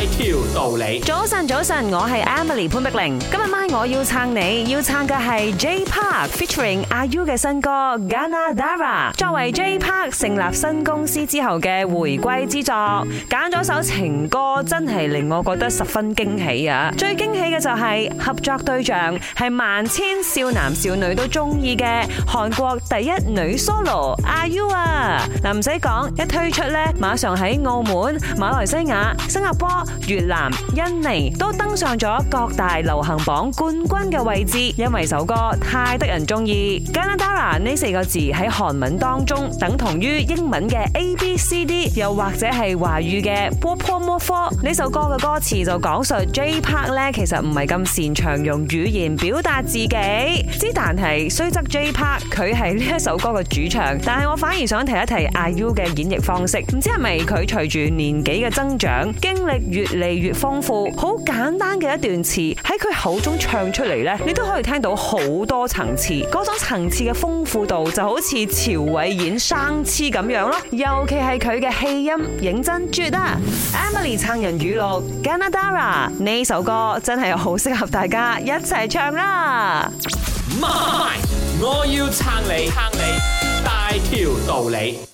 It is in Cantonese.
一條道理。早晨，早晨，我係 Emily 潘碧玲。今日晚我要撐你，要撐嘅係 J Park featuring IU 嘅新歌《Ganadara》。作為 J Park 成立新公司之後嘅回歸之作，揀咗首情歌，真係令我覺得十分驚喜啊！最驚喜嘅就係合作對象係萬千少男少女都中意嘅韓國第一女 solo IU 啊！嗱，唔使講，一推出呢，馬上喺澳門、馬來西亞、新加坡。越南、印尼都登上咗各大流行榜冠軍嘅位置，因為首歌太得人中意。Ganadara 呢四個字喺韓文當中等同於英文嘅 A B C D，又或者係華語嘅波潑摩科。呢首歌嘅歌詞就講述 J-Park 咧，Park，其實唔係咁擅長用語言表達自己。之但係雖則 J-Park 佢係呢一首歌嘅主唱，但係我反而想提一提 IU 嘅演繹方式，唔知係咪佢隨住年紀嘅增長，經歷越嚟越豐富，好簡單嘅一段詞喺佢口中唱出嚟呢，你都可以聽到好多層次，嗰種層次嘅豐富度就好似朝偉演生痴咁樣咯。尤其係佢嘅氣音，認真注意，Emily 撐人語錄，Ganadara 呢首歌真係好適合大家一齊唱啦！我要撐你，撐你大條道理。